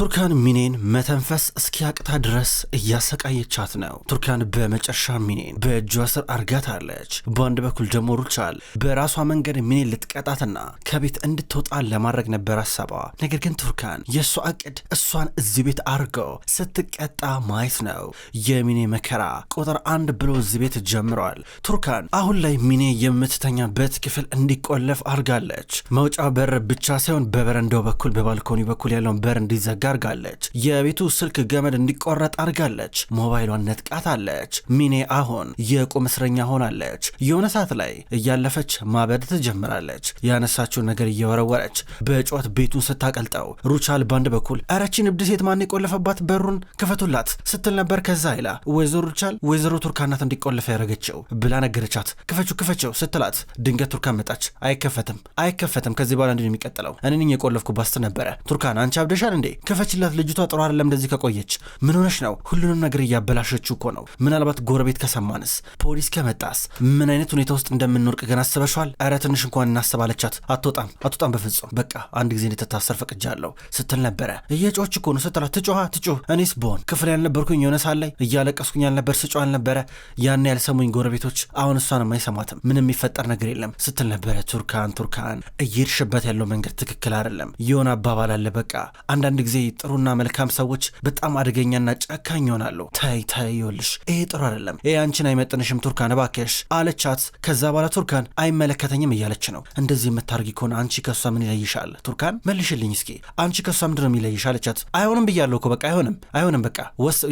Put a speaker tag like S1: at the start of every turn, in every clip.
S1: ቱርካን ሚኔን መተንፈስ እስኪያቅታ ድረስ እያሰቃየቻት ነው። ቱርካን በመጨረሻ ሚኔን በእጇ ስር አርጋታለች። በአንድ በኩል ደግሞ ሩቻል በራሷ መንገድ ሚኔን ልትቀጣትና ከቤት እንድትወጣ ለማድረግ ነበር አሰቧ። ነገር ግን ቱርካን የእሷ እቅድ እሷን እዚህ ቤት አድርገው ስትቀጣ ማየት ነው። የሚኔ መከራ ቁጥር አንድ ብሎ እዚህ ቤት ጀምረዋል። ቱርካን አሁን ላይ ሚኔ የምትተኛበት ክፍል እንዲቆለፍ አድርጋለች። መውጫ በር ብቻ ሳይሆን በበረንዳው በኩል በባልኮኒ በኩል ያለውን በር እንዲዘጋ አርጋለች። የቤቱ ስልክ ገመድ እንዲቆረጥ አድርጋለች። ሞባይሏን ነጥቃታለች። ሚኔ አሁን የቁም እስረኛ ሆናለች። የሆነ ሰዓት ላይ እያለፈች ማበድ ትጀምራለች። ያነሳችውን ነገር እየወረወረች በጩኸት ቤቱን ስታቀልጠው ሩቻል ባንድ በኩል አረቺን እብድ ሴት ማን የቆለፈባት በሩን ክፈቱላት ስትል ነበር። ከዛ ይላ ወይዘሮ ሩቻል ወይዘሮ ቱርካናት እንዲቆለፈ ያደረገችው ብላ ነገረቻት። ክፈችው ክፈችው ስትላት ድንገት ቱርካን መጣች። አይከፈትም አይከፈትም፣ ከዚህ በኋላ እንዲህ የሚቀጥለው፣ እኔ ነኝ ባስት ነበረ ቱርካን አንቺ አብደሻል እንዴ ጻፈችላት ልጅቷ ጥሩ አይደለም እንደዚህ ከቆየች ምን ሆነሽ ነው? ሁሉንም ነገር እያበላሸችው እኮ ነው። ምናልባት ጎረቤት ከሰማንስ፣ ፖሊስ ከመጣስ ምን አይነት ሁኔታ ውስጥ እንደምንወርቅ ገና አስበሸዋል? እረ ትንሽ እንኳን እናስባለቻት። አትወጣም አትወጣም፣ በፍጹም በቃ አንድ ጊዜ እንድትታሰር ፈቅጃለሁ ስትል ነበረ። እየጮች እኮ ነው ስትላት፣ ትጮኋ ትጮህ። እኔስ በሆን ክፍል ያልነበርኩኝ የሆነ ሳ ላይ እያለቀስኩኝ ያልነበር ስጮ አልነበረ ያን ያልሰሙኝ ጎረቤቶች አሁን እሷንም አይሰማትም። ምንም የሚፈጠር ነገር የለም ስትል ነበረ። ቱርካን ቱርካን፣ እየሄድሽበት ያለው መንገድ ትክክል አይደለም። የሆነ አባባል አለ በቃ አንዳንድ ጊዜ ጊዜ ጥሩና መልካም ሰዎች በጣም አደገኛና ጨካኝ ይሆናሉ። ታይ ታይ፣ ይኸውልሽ ይሄ ጥሩ አይደለም፣ ይሄ አንቺን አይመጥንሽም ቱርካን እባክሽ አለቻት። ከዛ በኋላ ቱርካን አይመለከተኝም እያለች ነው። እንደዚህ የምታደርጊ ከሆነ አንቺ ከሷ ምን ይለይሻል? ቱርካን መልሽልኝ እስኪ አንቺ ከሷ ምንድን ነው የሚለይሽ? አለቻት። አይሆንም ብያለሁ እኮ በቃ አይሆንም፣ አይሆንም በቃ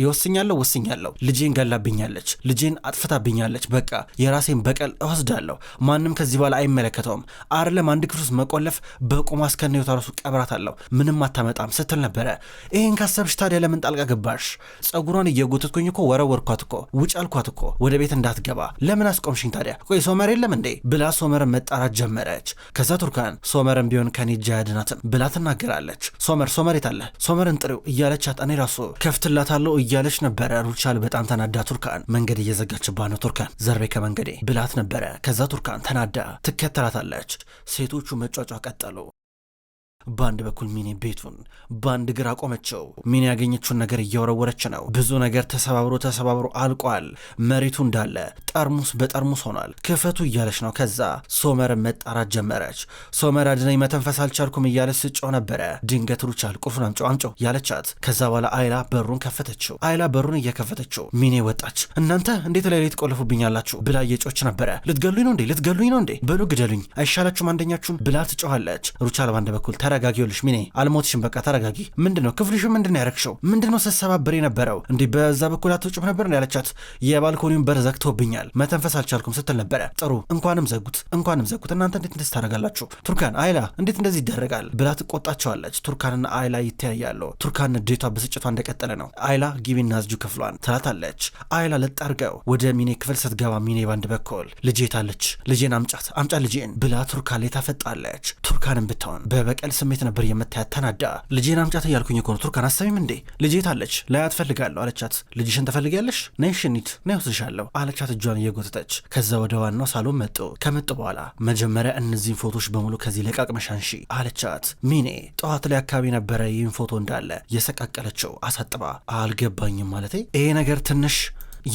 S1: ይወስኛለሁ፣ ወስኛለሁ። ልጄን ገላብኛለች፣ ልጄን አጥፍታብኛለች። በቃ የራሴን በቀል እወስዳለሁ። ማንም ከዚህ በኋላ አይመለከተውም። አይደለም አንድ ክፍል ውስጥ መቆለፍ በቁም እስከነ ህይወቷ ራሱ አለው ምንም አታመጣም ስትል ነበር ነበረ። ይህን ካሰብሽ ታዲያ ለምን ጣልቃ ገባሽ? ጸጉሯን እየጎተትኩኝ እኮ ወረወርኳት እኮ ውጭ አልኳት እኮ ወደ ቤት እንዳትገባ ለምን አስቆምሽኝ ታዲያ? ቆይ ሶመር የለም እንዴ ብላ ሶመርን መጣራት ጀመረች። ከዛ ቱርካን ሶመርን ቢሆን ከኔ ያድናትም ብላ ትናገራለች። ሶመር ሶመር የታለ ሶመርን ጥሪው እያለች አጣኔ ራሱ ከፍትላታለው እያለች ነበረ። ሩቻል በጣም ተናዳ ቱርካን መንገድ እየዘጋችባት ነው ቱርካን ዘርቤ ከመንገዴ ብላት ነበረ። ከዛ ቱርካን ተናዳ ትከተላታለች። ሴቶቹ መጫጫ ቀጠሉ። በአንድ በኩል ሚኔ ቤቱን በአንድ እግር አቆመችው። ሚኔ ያገኘችውን ነገር እየወረወረች ነው። ብዙ ነገር ተሰባብሮ ተሰባብሮ አልቋል። መሬቱ እንዳለ ጠርሙስ በጠርሙስ ሆኗል። ክፈቱ እያለች ነው። ከዛ ሶመር መጣራት ጀመረች። ሶመር አድነኝ፣ መተንፈስ አልቻልኩም እያለች ስጮህ ነበረ። ድንገት ሩቻል ቁልፉን አምጮ አምጮ ያለቻት። ከዛ በኋላ አይላ በሩን ከፈተችው። አይላ በሩን እየከፈተችው ሚኔ ወጣች። እናንተ እንዴት ለሌት ቆልፉብኛላችሁ ብላ እየጮች ነበረ። ልትገሉኝ ነው እንዴ? ልትገሉኝ ነው እንዴ? በሉ ግደሉኝ፣ አይሻላችሁም አንደኛችሁን ብላ ትጮኋለች። ሩቻል በአንድ በኩል ተረ ተረጋጊ። ይኸውልሽ ሚኔ አልሞትሽም፣ በቃ ተረጋጊ። ምንድን ነው ክፍልሽ? ምንድን ነው ያረግሽው? ምንድን ነው የነበረው? እንዲህ በዛ በኩል አትወጭም ነበር ያለቻት። የባልኮኒውን በር ዘግቶብኛል፣ መተንፈስ አልቻልኩም ስትል ነበረ። ጥሩ እንኳንም ዘጉት፣ እንኳንም ዘጉት። እናንተ እንዴት እንደዚህ ታደርጋላችሁ? ቱርካን አይላ፣ እንዴት እንደዚህ ይደረጋል ብላ ትቆጣቸዋለች። ቱርካንና አይላ ይተያያሉ። ቱርካን ንዴቷ በስጭቷ እንደቀጠለ ነው። አይላ ግቢና ዝጁ ክፍሏን ትላታለች። አይላ ለጣርገው ወደ ሚኔ ክፍል ስትገባ ሚኔ ባንድ በኩል ልጄ ታለች፣ ልጄን አምጫት፣ አምጫት ልጄን ብላ ቱርካን ላይ ታፈጣለች። ቱርካንም ብትሆን በበቀል ስሜት ነበር የምታያት። ተናዳ ልጄን አምጫት እያልኩኝ እኮ ነው። ቱርካን አሰሚም እንዴ ልጄ ታለች፣ ላያት እፈልጋለሁ አለቻት። ልጅሽን ትፈልጊያለሽ? ነይ ሽኒት ነይ ወስድሻለሁ አለቻት እጇን እየጎተተች። ከዛ ወደ ዋናው ሳሎን መጡ። ከመጡ በኋላ መጀመሪያ እነዚህን ፎቶች በሙሉ ከዚህ ለቃቅመሻን ሺ አለቻት። ሚኔ ጠዋት ላይ አካባቢ ነበረ ይህን ፎቶ እንዳለ የሰቃቀለችው አሳጥባ። አልገባኝም ማለቴ ይሄ ነገር ትንሽ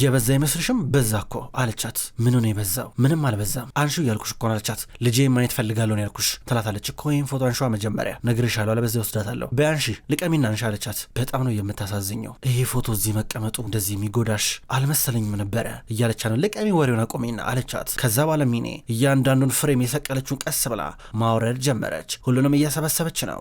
S1: የበዛ አይመስልሽም? በዛ እኮ አለቻት። ምን ነው የበዛው? ምንም አልበዛም አንሹ እያልኩሽ እኮ አለቻት። ልጄ ማየት ፈልጋለሁ ነው ያልኩሽ ትላታለች እኮ። ይህም ፎቶ አንሹ መጀመሪያ ነግሬሻለሁ፣ አለበዚያ ወስዳታለሁ። በያንሺ ልቀሚና አንሺ አለቻት። በጣም ነው የምታሳዝኘው። ይሄ ፎቶ እዚህ መቀመጡ እንደዚህ የሚጎዳሽ አልመሰለኝም ነበረ እያለቻ ነው። ልቀሚ ወሬውን አቆሚና አለቻት። ከዛ ባለሚኔ እያንዳንዱን ፍሬም የሰቀለችውን ቀስ ብላ ማውረድ ጀመረች። ሁሉንም እያሰበሰበች ነው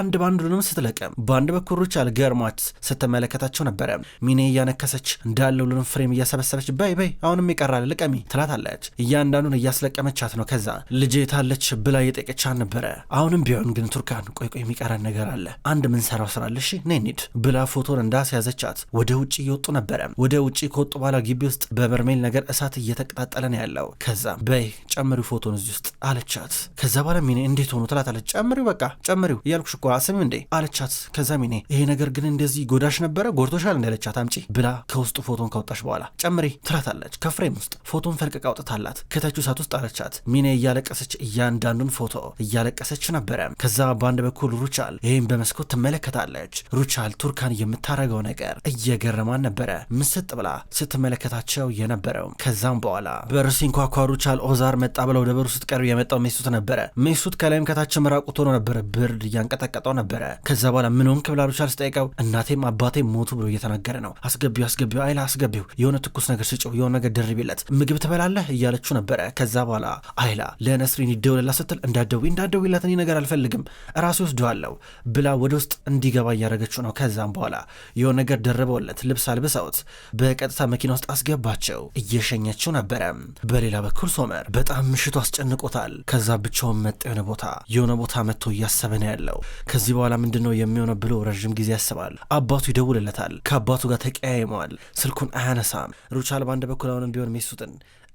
S1: አንድ በአንዱንም ስትለቅም። በአንድ በኩል ሩቻል ገርሟት ስትመለከታቸው ነበረ። ሚኔ እያነከሰች እንዳለ ሁሉንም ፍሬም እያሰበሰበች በይ በይ አሁንም ይቀራል ልቀሚ ትላታለች። እያንዳንዱን እያስለቀመቻት ነው። ከዛ ልጅ የታለች ብላ የጠየቀቻት ነበረ። አሁንም ቢሆን ግን ቱርካን ቆይ ቆይ የሚቀረን ነገር አለ፣ አንድ ምንሰራው ስራ አለሽ ነይ እንሂድ ብላ ፎቶን እንዳስያዘቻት ወደ ውጭ እየወጡ ነበረ። ወደ ውጭ ከወጡ በኋላ ግቢ ውስጥ በበርሜል ነገር እሳት እየተቀጣጠለ ነው ያለው። ከዛ በይ ጨምሪው ፎቶን እዚህ ውስጥ አለቻት። ከዛ በኋላ ሚኔ እንዴት ሆኖ ትላታለች። ጨምሪው በቃ ጨምሪው እያልኩሽ እኮ አስም እንዴ አለቻት። ከዛ ሚኔ ይሄ ነገር ግን እንደዚህ ጎዳሽ ነበረ ጎድቶሻል እንዳለቻት አምጪ ብላ ከውስጡ ፎቶን ከወጣ ከጠጣሽ በኋላ ጨምሪ ትላታለች። ከፍሬም ውስጥ ፎቶን ፈልቅቃ አውጥታላት ከተቹ ሳት ውስጥ አለቻት። ሚኔ እያለቀሰች እያንዳንዱን ፎቶ እያለቀሰች ነበረ። ከዛ በአንድ በኩል ሩቻል ይህም በመስኮት ትመለከታለች። ሩቻል ቱርካን የምታደርገው ነገር እየገረማን ነበረ። ምስጥ ብላ ስትመለከታቸው የነበረው ከዛም በኋላ በር ሲንኳኳ ሩቻል ኦዛር መጣ ብለው ወደ በሩ ስትቀርብ የመጣው ሜሱት ነበረ። ሜሱት ከላይም ከታችም ራቁት ሆኖ ነበረ። ብርድ እያንቀጠቀጠው ነበረ። ከዛ በኋላ ምን ሆንክ ብላ ሩቻል ስጠይቀው እናቴም አባቴም ሞቱ ብሎ እየተናገረ ነው። አስገቢው አስገቢው አይላ አስገቢው የሆነ ትኩስ ነገር ስጭው፣ የሆነ ነገር ደርቤለት፣ ምግብ ትበላለህ እያለችው ነበረ። ከዛ በኋላ አይላ ለነስሪን ይደውልላት ስትል እንዳደዊ እንዳትደውይላት፣ እኔ ነገር አልፈልግም ራሱ ወስደዋለሁ ብላ ወደ ውስጥ እንዲገባ እያደረገችው ነው። ከዛም በኋላ የሆነ ነገር ደርበውለት ልብስ አልብሰውት በቀጥታ መኪና ውስጥ አስገባቸው። እየሸኘችው ነበረ። በሌላ በኩል ሶመር በጣም ምሽቱ አስጨንቆታል። ከዛ ብቻውን መጣ። የሆነ ቦታ የሆነ ቦታ መጥቶ እያሰበ ነው ያለው። ከዚህ በኋላ ምንድን ነው የሚሆነው ብሎ ረዥም ጊዜ ያስባል። አባቱ ይደውልለታል። ከአባቱ ጋር ተቀያይመዋል። ስልኩን አያ አያነሳም። ሩቻል በአንድ በኩል አሁንም ቢሆን ሚስቱጥን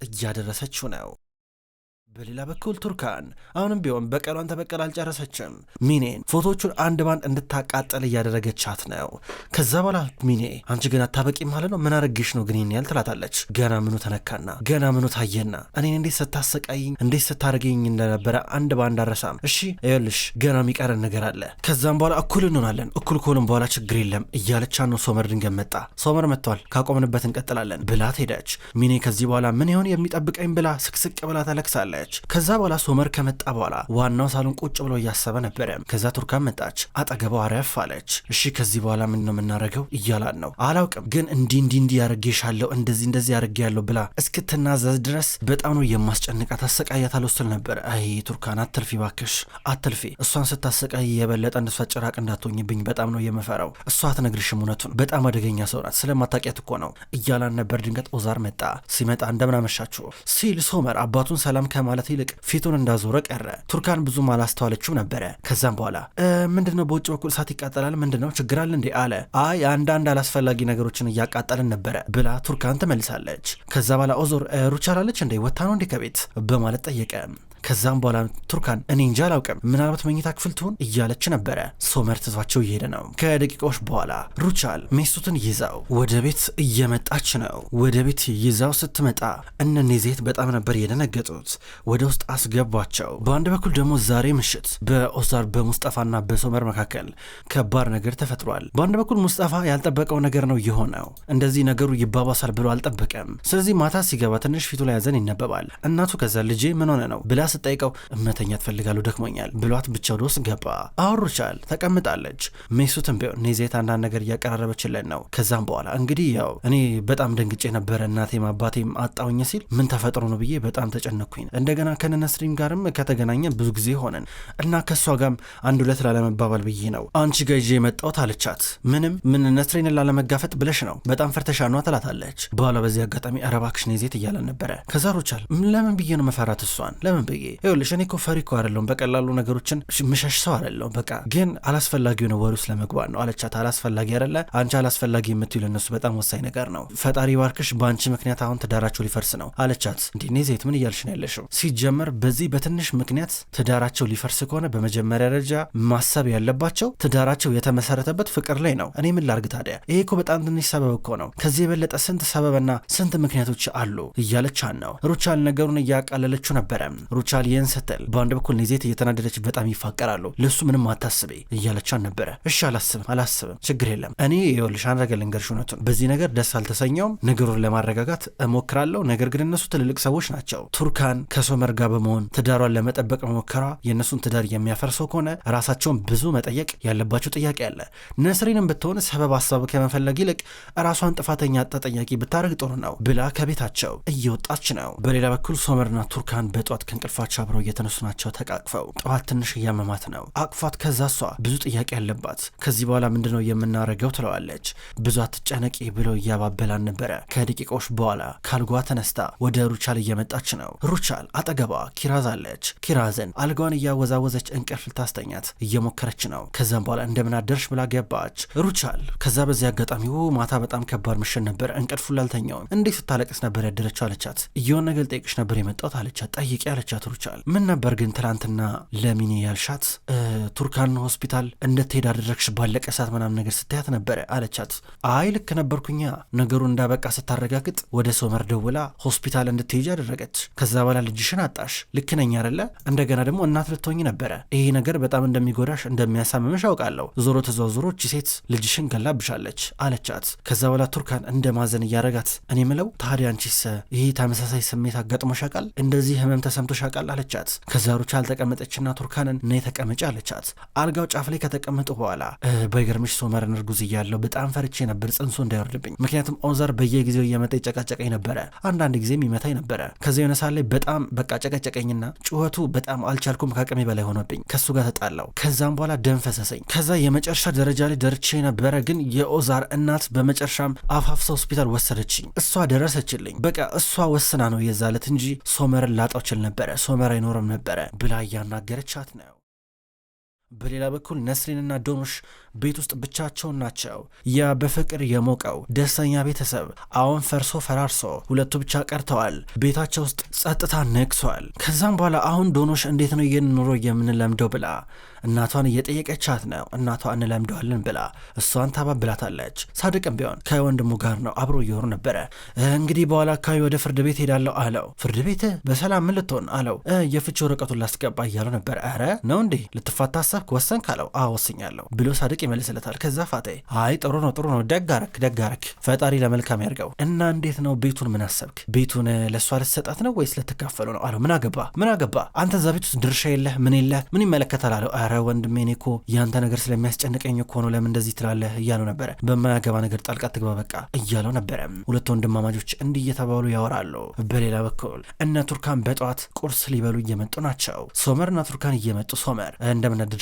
S1: እያደረሰችው ነው። በሌላ በኩል ቱርካን አሁንም ቢሆን በቀሏን ተበቀል አልጨረሰችም። ሚኔን ፎቶቹን አንድ ባንድ እንድታቃጠል እያደረገቻት ነው። ከዛ በኋላ ሚኔ አንቺ ግን አታበቂም ማለት ነው፣ ምን አረግሽ ነው ግን ያል ትላታለች። ገና ምኑ ተነካና ገና ምኑ ታየና እኔን እንዴት ስታሰቃይኝ እንዴት ስታደርገኝ እንደነበረ አንድ ባንድ አረሳም። እሺ ይኸውልሽ ገና የሚቀረን ነገር አለ። ከዛም በኋላ እኩል እንሆናለን፣ እኩል ከሆንም በኋላ ችግር የለም እያለቻ ነው። ሶመር ድንገት መጣ። ሶመር መጥቷል፣ ካቆምንበት እንቀጥላለን ብላት ሄደች። ሚኔ ከዚህ በኋላ ምን ይሆን የሚጠብቀኝ ብላ ስቅስቅ ብላ ተለክሳለ። ሆነች። ከዛ በኋላ ሶመር ከመጣ በኋላ ዋናው ሳሎን ቁጭ ብሎ እያሰበ ነበረ። ከዛ ቱርካን መጣች፣ አጠገቧ አረፍ አለች። እሺ ከዚህ በኋላ ምን ነው የምናረገው እያላን ነው። አላውቅም ግን እንዲህ እንዲህ እንዲህ ያረጌሻለሁ እንደዚህ እንደዚህ ያረጌያለሁ ብላ እስክትናዘዝ ድረስ በጣም ነው የማስጨንቃት፣ አሰቃያት አልወስል ነበረ። አይ ቱርካን አትልፊ ባክሽ አትልፊ። እሷን ስታሰቃይ የበለጠ እንደሷ ጭራቅ እንዳትሆኝብኝ በጣም ነው የምፈራው። እሷ አትነግርሽም እውነቱን፣ በጣም አደገኛ ሰው ናት፣ ስለማታውቂያት እኮ ነው እያላን ነበር። ድንገት ኦዛር መጣ። ሲመጣ እንደምናመሻችሁ ሲል ሶመር አባቱን ሰላም ከማ ከማለት ይልቅ ፊቱን እንዳዞረ ቀረ። ቱርካን ብዙም አላስተዋለችው ነበረ። ከዛም በኋላ ምንድነው ነው በውጭ በኩል እሳት ይቃጠላል፣ ምንድነው ችግር አለ እንዴ አለ። አይ አንዳንድ አላስፈላጊ ነገሮችን እያቃጠልን ነበረ ብላ ቱርካን ትመልሳለች። ከዛ በኋላ ኦዞር ሩቻላለች እንዴ ወታ ነው እንዴ ከቤት በማለት ጠየቀ። ከዛም በኋላ ቱርካን እኔ እንጃ አላውቅም ምናልባት መኝታ ክፍል ትሁን እያለች ነበረ። ሶመር ትቷቸው እየሄደ ነው። ከደቂቃዎች በኋላ ሩቻል ሜሱትን ይዛው ወደ ቤት እየመጣች ነው። ወደ ቤት ይዛው ስትመጣ እነኔ ዜት በጣም ነበር የደነገጡት። ወደ ውስጥ አስገቧቸው። በአንድ በኩል ደግሞ ዛሬ ምሽት በኦዛር በሙስጠፋና በሶመር መካከል ከባድ ነገር ተፈጥሯል። በአንድ በኩል ሙስጠፋ ያልጠበቀው ነገር ነው የሆነው። እንደዚህ ነገሩ ይባባሳል ብሎ አልጠበቀም። ስለዚህ ማታ ሲገባ ትንሽ ፊቱ ላይ ያዘን ይነበባል። እናቱ ከዛ ልጄ ምን ሆነ ነው ብላ ስጠይቀው እመተኛ ትፈልጋሉ ደክሞኛል ብሏት ብቻው ወደ ገባ። አወሩቻል። ተቀምጣለች። ሜሱትም ቢሆን ኔዜት አንዳንድ ነገር እያቀራረበችለን ነው። ከዛም በኋላ እንግዲህ ያው እኔ በጣም ደንግጬ ነበረ እናቴም አባቴም አጣውኝ ሲል ምን ተፈጥሮ ነው ብዬ በጣም ተጨነኩኝ። እንደገና ከነነስሪም ጋርም ከተገናኘ ብዙ ጊዜ ሆነን እና ከእሷ ጋም አንድ ሁለት ላለመባባል ብዬ ነው አንቺ ጋ ይዤ የመጣሁት አለቻት። ምንም ምን ነስሪንን ላለመጋፈጥ ብለሽ ነው በጣም ፈርተሻ ነዋ ትላታለች። በኋላ በዚህ አጋጣሚ አረባክሽ ኔዜት እያለን ነበረ። ከዛ ሩቻል ለምን ብዬ ነው መፈራት እሷን ለምን ብዬ ብዬ ይኸውልሽ፣ እኔ እኮ ፈሪ እኮ አይደለሁም። በቀላሉ ነገሮችን ምሸሽ ሰው አይደለሁም። በቃ ግን አላስፈላጊ የሆነ ወሬ ውስጥ ለመግባት ነው አለቻት። አላስፈላጊ አይደለ አንቺ አላስፈላጊ የምትዩ ለእነሱ በጣም ወሳኝ ነገር ነው። ፈጣሪ ባርክሽ፣ በአንቺ ምክንያት አሁን ትዳራቸው ሊፈርስ ነው አለቻት። እንዲኔ ዜት ምን እያልሽ ነው ያለሽው? ሲጀመር በዚህ በትንሽ ምክንያት ትዳራቸው ሊፈርስ ከሆነ በመጀመሪያ ደረጃ ማሰብ ያለባቸው ትዳራቸው የተመሰረተበት ፍቅር ላይ ነው። እኔ ምን ላርግ ታዲያ? ይሄ እኮ በጣም ትንሽ ሰበብ እኮ ነው። ከዚህ የበለጠ ስንት ሰበብና ስንት ምክንያቶች አሉ እያለቻን ነው ሩቻል ነገሩን እያቃለለችው ነበረ። ቻሊየን ሰጠል። በአንድ በኩል ኔዜት እየተናደደች በጣም ይፋቀራሉ። ለሱ ምንም አታስቤ እያለቻን ነበረ። እሺ አላስብም አላስብም፣ ችግር የለም እኔ ይኸውልሽ አንድ ነገር ልንገርሽ፣ እውነቱን በዚህ ነገር ደስ አልተሰኘውም። ነገሩን ለማረጋጋት እሞክራለሁ። ነገር ግን እነሱ ትልልቅ ሰዎች ናቸው። ቱርካን ከሶመር ጋር በመሆን ትዳሯን ለመጠበቅ መሞከሯ የእነሱን ትዳር የሚያፈርሰው ከሆነ ራሳቸውን ብዙ መጠየቅ ያለባቸው ጥያቄ አለ። ነስሪንም ብትሆን ሰበብ አስባብ ከመፈለግ ይልቅ ራሷን ጥፋተኛ ተጠያቂ ብታደርግ ጥሩ ነው ብላ ከቤታቸው እየወጣች ነው። በሌላ በኩል ሶመርና ቱርካን በጠዋት ከእንቅልፍ እየተደፋች አብረው እየተነሱ ናቸው ተቃቅፈው። ጠዋት ትንሽ እያመማት ነው አቅፏት። ከዛ እሷ ብዙ ጥያቄ ያለባት ከዚህ በኋላ ምንድን ነው የምናረገው ትለዋለች። ብዙ አትጨነቂ ብሎ እያባበላን ነበረ። ከደቂቃዎች በኋላ ካልጓ ተነስታ ወደ ሩቻል እየመጣች ነው። ሩቻል አጠገቧ ኪራዝ አለች። ኪራዝን አልጋዋን እያወዛወዘች እንቅልፍ ልታስተኛት እየሞከረች ነው። ከዛም በኋላ እንደምናደርሽ ብላ ገባች ሩቻል። ከዛ በዚህ አጋጣሚ ማታ በጣም ከባድ ምሽት ነበር እንቅልፉ ላልተኛውም እንዴት ስታለቅስ ነበር ያደረችው አለቻት። እየሆን ነገር ልጠይቅሽ ነበር የመጣሁት አለቻት። ጠይቄ አለቻት ሊያጠናክሩ ይችላል። ምን ነበር ግን ትላንትና ለሚኒ ያልሻት ቱርካን ሆስፒታል እንደትሄድ አደረግሽ ባለቀ ሰዓት ምናምን ነገር ስታያት ነበረ አለቻት። አይ ልክ ነበርኩኛ። ነገሩ እንዳበቃ ስታረጋግጥ ወደ ሶመር ደውላ ሆስፒታል እንድትሄጅ አደረገች። ከዛ በኋላ ልጅሽን አጣሽ። ልክ ነኝ አይደለ? እንደገና ደግሞ እናት ልትሆኝ ነበረ። ይሄ ነገር በጣም እንደሚጎዳሽ እንደሚያሳምምሽ አውቃለሁ። ዞሮ ች ሴት ልጅሽን ገላብሻለች አለቻት። ከዛ በኋላ ቱርካን እንደ ማዘን እያረጋት እኔ ምለው ታዲያ አንቺስ ተመሳሳይ ስሜት አጋጥሞሽ ያውቃል? እንደዚህ ህመም ተሰምቶሽ ያውቃል? ይበቃል አለቻት። ከዛ ሩቻ አልተቀመጠችና ቱርካንን ነይ ተቀመጭ አለቻት። አልጋው ጫፍ ላይ ከተቀመጡ በኋላ በይገርምሽ ሶመርን እርጉዝ እያለሁ በጣም ፈርቼ ነበር ጽንሱ እንዳይወርድብኝ። ምክንያቱም ኦዛር በየጊዜው እየመጣ ይጨቃጨቀኝ ነበረ፣ አንዳንድ ጊዜም ይመታኝ ነበረ። ከዚ የሆነ ሰዓት ላይ በጣም በቃ ጨቀጨቀኝና ጩኸቱ በጣም አልቻልኩም፣ ከአቅሜ በላይ ሆነብኝ። ከሱ ጋር ተጣላው። ከዛም በኋላ ደም ፈሰሰኝ። ከዛ የመጨረሻ ደረጃ ላይ ደርቼ ነበረ፣ ግን የኦዛር እናት በመጨረሻም አፋፍሳ ሆስፒታል ወሰደችኝ። እሷ ደረሰችልኝ። በቃ እሷ ወስና ነው የዛለት እንጂ ሶመርን ላጣው ችል ነበረ። ሶመር አይኖርም ነበረ ብላ እያናገረቻት ነው። በሌላ በኩል ነስሪንና ዶኖሽ ቤት ውስጥ ብቻቸውን ናቸው። ያ በፍቅር የሞቀው ደስተኛ ቤተሰብ አሁን ፈርሶ ፈራርሶ ሁለቱ ብቻ ቀርተዋል። ቤታቸው ውስጥ ጸጥታ ነግሷል። ከዛም በኋላ አሁን ዶኖሽ እንዴት ነው ይህን ኑሮ የምንለምደው ብላ እናቷን እየጠየቀቻት ነው። እናቷ እንለምደዋለን ብላ እሷን ታባብላታለች። ሳድቅም ቢሆን ከወንድሙ ጋር ነው አብሮ እየሆኑ ነበረ። እንግዲህ በኋላ አካባቢ ወደ ፍርድ ቤት ሄዳለሁ አለው። ፍርድ ቤት በሰላም ምን ልትሆን አለው። የፍቺ ወረቀቱን ላስገባ እያለው ነበር። ኧረ ነው እንዴ ልትፋታ አሰብክ ወሰንክ አለው። አዎ ወስኛለሁ ብሎ ሳድቅ በጥብቅ ይመልስለታል። ከዛ ፋጣዬ አይ ጥሩ ነው ጥሩ ነው ደግ አረክ ደግ አረክ ፈጣሪ ለመልካም ያርገው እና እንዴት ነው ቤቱን ምን አሰብክ? ቤቱን ለእሷ ልትሰጣት ነው ወይስ ልትካፈሉ ነው አለው። ምን አገባ ምን አገባ አንተ እዛ ቤት ውስጥ ድርሻ የለህ ምን የለህ ምን ይመለከታል አለው። አረ ወንድሜ እኔ እኮ ያንተ ነገር ስለሚያስጨንቀኝ እኮ ነው ለምን እንደዚህ ትላለህ እያለው ነበረ። በማያገባ ነገር ጣልቃ ትግባ በቃ እያለው ነበረ። ሁለት ወንድማማጆች እንዲህ እየተባሉ ያወራሉ። በሌላ በኩል እነ ቱርካን በጠዋት ቁርስ ሊበሉ እየመጡ ናቸው። ሶመር እና ቱርካን እየመጡ ሶመር እንደምናድር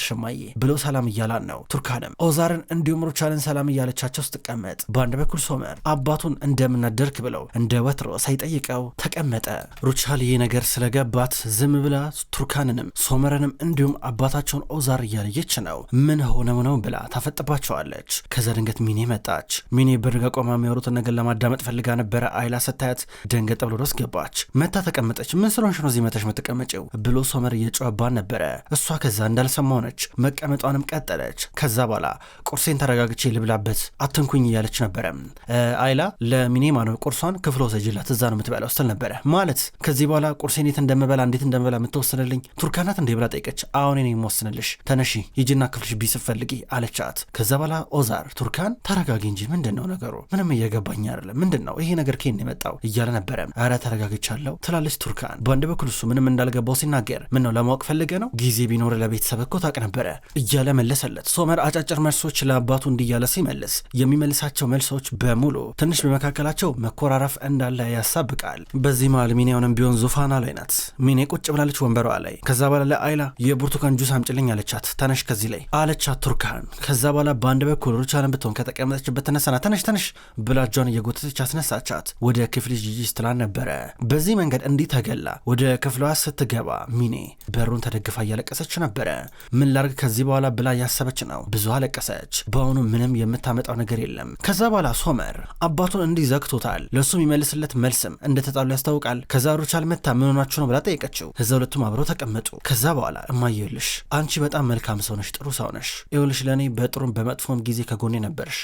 S1: ብሎ ሰላም እያላን ነው ቱርካን አይደለም። ኦዛርን እንዲሁም ሩቻልን ሰላም እያለቻቸው ስትቀመጥ በአንድ በኩል ሶመር አባቱን እንደምናደርክ ብለው እንደ ወትሮ ሳይጠይቀው ተቀመጠ። ሩቻል ይህ ነገር ስለገባት ዝም ብላ ቱርካንንም ሶመርንም እንዲሁም አባታቸውን ኦዛር እያለየች ነው። ምን ሆነው ነው ብላ ታፈጥባቸዋለች። ከዛ ድንገት ሚኔ መጣች። ሚኔ በድጋ ቆማ የሚያወሩትን ነገር ለማዳመጥ ፈልጋ ነበረ። አይላ ስታያት ደንገጥ ብሎ ደስ ገባች። መታ ተቀመጠች። ምን ስለሆንሽ ነው እዚህ መተሽ ብሎ ሶመር እየጨዋባን ነበረ። እሷ ከዛ እንዳልሰማ ሆነች። መቀመጧንም ቀጠለች። ከዛ በኋላ ቁርሴን ተረጋግቼ ልብላበት አትንኩኝ እያለች ነበረ። አይላ ለሚኔ ማነው ቁርሷን ክፍሎ ወሰጅላት እዛ ነው የምትበላው ስትል ነበረ። ማለት ከዚህ በኋላ ቁርሴን የት እንደምበላ እንዴት እንደምበላ የምትወስንልኝ ቱርካናት እንዴ ብላ ጠይቀች። አሁን ኔ የምወስንልሽ ተነሺ ሂጂና ክፍልሽ ቢስፈልጊ አለቻት። ከዛ በኋላ ኦዛር ቱርካን ተረጋጊ እንጂ ምንድን ነው ነገሩ? ምንም እየገባኝ አይደለም። ምንድን ነው ይሄ ነገር ከየት የመጣው እያለ ነበረ። ኧረ ተረጋግቻለሁ ትላለች ቱርካን። በአንድ በኩል እሱ ምንም እንዳልገባው ሲናገር፣ ምን ነው ለማወቅ ፈልገ ነው ጊዜ ቢኖር ለቤተሰብ እኮ ታውቅ ነበረ እያለ መለሰለት። ሶመር አጫ አጫጭር መልሶች ለአባቱ እንዲያለ ሲመልስ የሚመልሳቸው መልሶች በሙሉ ትንሽ በመካከላቸው መኮራረፍ እንዳለ ያሳብቃል። በዚህ መሃል ሚኒያውንም ቢሆን ዙፋና ላይ ናት። ሚኔ ቁጭ ብላለች ወንበሯ ላይ። ከዛ በኋላ ለአይላ የብርቱካን ጁስ አምጭልኝ አለቻት። ተነሽ ከዚህ ላይ አለቻት ቱርካን። ከዛ በኋላ በአንድ በኩል ሩቻን ብትሆን ከተቀመጠችበት ተነሳና ተነሽ ተነሽ ብላ እጇን እየጎተተች አስነሳቻት። ወደ ክፍል ጂጂ ስትላን ነበረ። በዚህ መንገድ እንዲህ ተገላ ወደ ክፍሏ ስትገባ ሚኔ በሩን ተደግፋ እያለቀሰች ነበረ። ምን ላርግ ከዚህ በኋላ ብላ ያሰበች ነው ብዙ አለቀሰች። በአሁኑ ምንም የምታመጣው ነገር የለም። ከዛ በኋላ ሶመር አባቱን እንዲህ ዘግቶታል። ለእሱ የሚመልስለት መልስም እንደተጣሉ ያስታውቃል። ከዛ ሩቻል መታ ምን ሆናችሁ ነው ብላ ጠየቀችው። ከዛ ሁለቱም አብረው ተቀመጡ። ከዛ በኋላ እማየውልሽ አንቺ በጣም መልካም ሰው ነሽ፣ ጥሩ ሰው ነሽ። ይኸውልሽ ለእኔ በጥሩም በመጥፎም ጊዜ ከጎኔ ነበርሽ።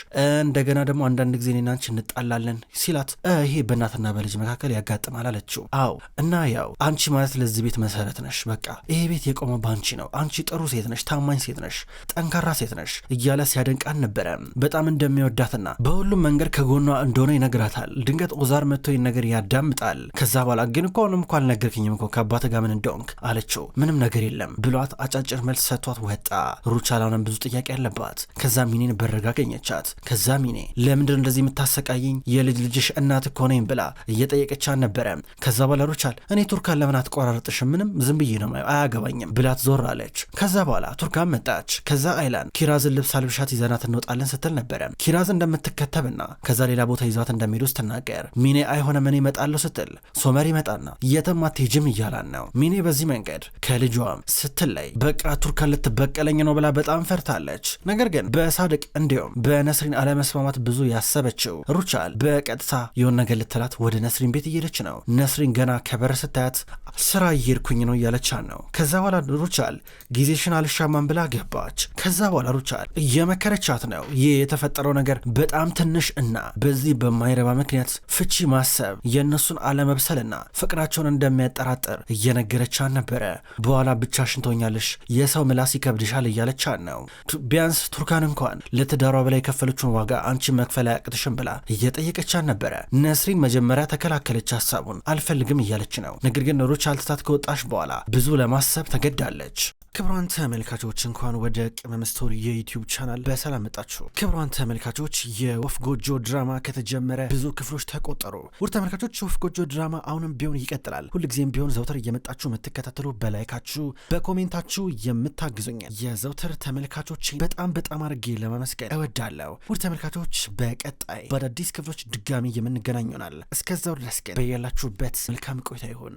S1: እንደገና ደግሞ አንዳንድ ጊዜ እኔና አንቺ እንጣላለን ሲላት ይሄ በእናትና በልጅ መካከል ያጋጥማል አለችው። አዎ እና ያው አንቺ ማለት ለዚህ ቤት መሰረት ነሽ። በቃ ይሄ ቤት የቆመው በአንቺ ነው። አንቺ ጥሩ ሴት ነሽ፣ ታማኝ ሴት ነሽ፣ ጠንካራ ሴት ነሽ። እያለ ሲያደንቃት ነበረ። በጣም እንደሚወዳትና በሁሉም መንገድ ከጎኗ እንደሆነ ይነግራታል። ድንገት ኦዛር መጥቶ ይህን ነገር ያዳምጣል። ከዛ በኋላ ግን እኮ አሁንም እኮ አልነገርከኝም እኮ ከአባትህ ጋር ምን እንደሆንክ አለችው። ምንም ነገር የለም ብሏት አጫጭር መልስ ሰጥቷት ወጣ። ሩቻ ብዙ ጥያቄ አለባት። ከዛ ሚኔን በረጋ አገኘቻት። ከዛ ሚኔ ለምንድን እንደዚህ የምታሰቃይኝ የልጅ ልጅሽ እናት እኮ ነኝ ብላ እየጠየቀቻት ነበረ። ከዛ በኋላ ሩቻል እኔ ቱርካን ለምን አትቆራረጥሽም? ምንም ዝም ብዬ ነው አያገባኝም ብላት ዞር አለች። ከዛ በኋላ ቱርካን መጣች። ከዛ አይላን ኪራዝ የራስን ልብስ አልብሻት ይዘናት እንወጣለን ስትል ነበረ። ኪራዝ እንደምትከተብና ከዛ ሌላ ቦታ ይዟት እንደሚሄዱ ስትናገር ሚኔ አይሆንም እኔ እመጣለሁ ስትል ሶመር ይመጣና የትም አትሄጂም እያላን ነው። ሚኔ በዚህ መንገድ ከልጇም ላይ በቃ ቱርካን ልትበቀለኝ ነው ብላ በጣም ፈርታለች። ነገር ግን በሳድቅ እንዲሁም በነስሪን አለመስማማት ብዙ ያሰበችው ሩቻል በቀጥታ የሆን ነገር ልትላት ወደ ነስሪን ቤት እየሄደች ነው። ነስሪን ገና ከበር ስታያት ስራ እየሄድኩኝ ነው እያለቻት ነው። ከዛ በኋላ ሩቻል ጊዜሽን አልሻማን ብላ ገባች። ከዛ በኋላ ሩቻል ይመስላል እየመከረቻት ነው። ይህ የተፈጠረው ነገር በጣም ትንሽ እና በዚህ በማይረባ ምክንያት ፍቺ ማሰብ የእነሱን አለመብሰልና ፍቅራቸውን እንደሚያጠራጥር እየነገረቻት ነበረ። በኋላ ብቻሽን ትሆኛለሽ፣ የሰው ምላስ ይከብድሻል እያለቻት ነው። ቢያንስ ቱርካን እንኳን ለትዳሯ በላይ የከፈለችውን ዋጋ አንቺ መክፈል አያቅትሽም ብላ እየጠየቀቻት ነበረ። ነስሪን መጀመሪያ ተከላከለች፣ ሀሳቡን አልፈልግም እያለች ነው። ነገር ግን ሩች አልትታት ከወጣች በኋላ ብዙ ለማሰብ ተገዳለች። ክብሯን ተመልካቾች እንኳን ወደ ቅመም ስቶሪ የዩቲዩብ ቻናል በሰላም መጣችሁ። ክብሯን ተመልካቾች የወፍ ጎጆ ድራማ ከተጀመረ ብዙ ክፍሎች ተቆጠሩ። ውድ ተመልካቾች የወፍ ጎጆ ድራማ አሁንም ቢሆን ይቀጥላል። ሁልጊዜም ቢሆን ዘውትር እየመጣችሁ የምትከታተሉ በላይካችሁ፣ በኮሜንታችሁ የምታግዙኝ የዘውትር ተመልካቾች በጣም በጣም አድርጌ ለማመስገን እወዳለሁ። ውድ ተመልካቾች በቀጣይ በአዳዲስ ክፍሎች ድጋሚ የምንገናኙናል። እስከዛው ድረስ ግን በያላችሁበት መልካም ቆይታ ይሁን።